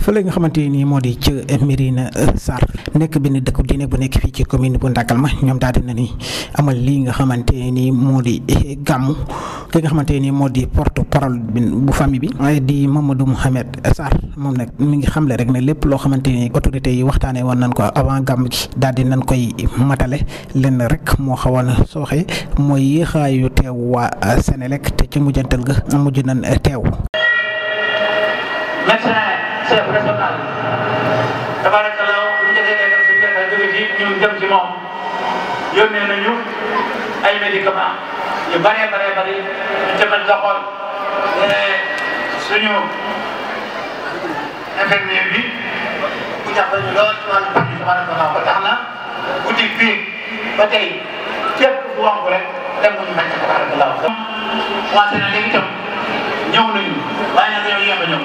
fële nga xamante nii moo di ci Mérina Sarr nekk benn dëkku diine bu nekk fii ci commune bu Ndakalma ñoom daal dina ni amal lii nga xamante nii moo di gàmmu ki nga xamante nii moo di porte parole bu famille bi di du Mouhamed Sarr moom nag mi ngi xamle rek ne lépp loo xamante ni autorité yi waxtaanee woon nañ ko avant gàmm ji daal di nañ koy matale lenn rek moo xawoon sooxe mooy yéexaayu teew waa Sénélec te ci mujjantal ga mujj nañ teew chef régional tabarakallah bu ñu defee léeg-léeg suñu yaakaar jóge ci ñun jëm ci moom yónnee nañu ay médicaments yu bëree bëree bëri ñu jëmale sa xol suñu infirmier bi bu jàppale ñu lool ci wàllu pàcc tabarakallah ba tax na boutique bi ba tey képp ku wànq rek dem ko ñu màcc tabarakallah. commencé na léegi itam ñëw nañu bàyyi na ñëw yéex a ñëw.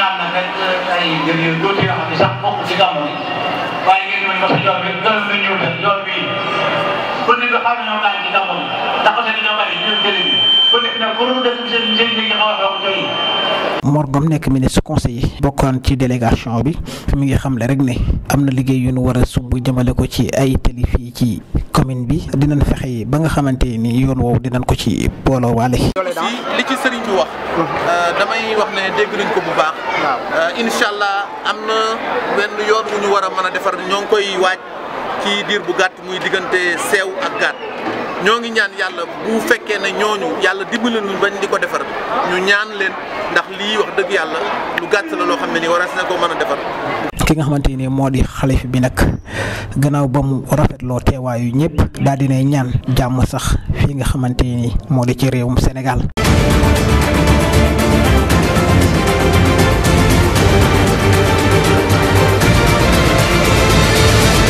ñaan nag rek ay mbir yu tuuti ci gàmmu gi waaye nekk xam ne ñoom daañu ci ci délégation bi mi ngi xamle rek ne am na liggéey yu nu war a sumb jamale ko ci ay télé fii ci. commune bi dinañ fexé ba nga xamante ni yoon woowu dinañ ko ci booloo walé li ci sëriñ bi wax. Mm-hmm. Euh, damay wax né dégg nañ ko bu baax. waaw euh, incha allah benn yoon bu ñu wara mëna défar ñong koy wajj ci dir bu gatt muy digënté seew ak gatt ñongi ñaan yalla bu féké né ñoñu yalla dimbali ñu bañ diko défar ñu ñaan leen ndax li wax dëgg yalla lu gatt la lo xamné ni wara war ko mëna défar ki nga xamante ni moo di xalif bi nag gannaaw ba mu rafetloo teewaayu ñëpp daal di ne ñaan jàmm sax fi nga xamante ni moo di ci réewum Sénégal.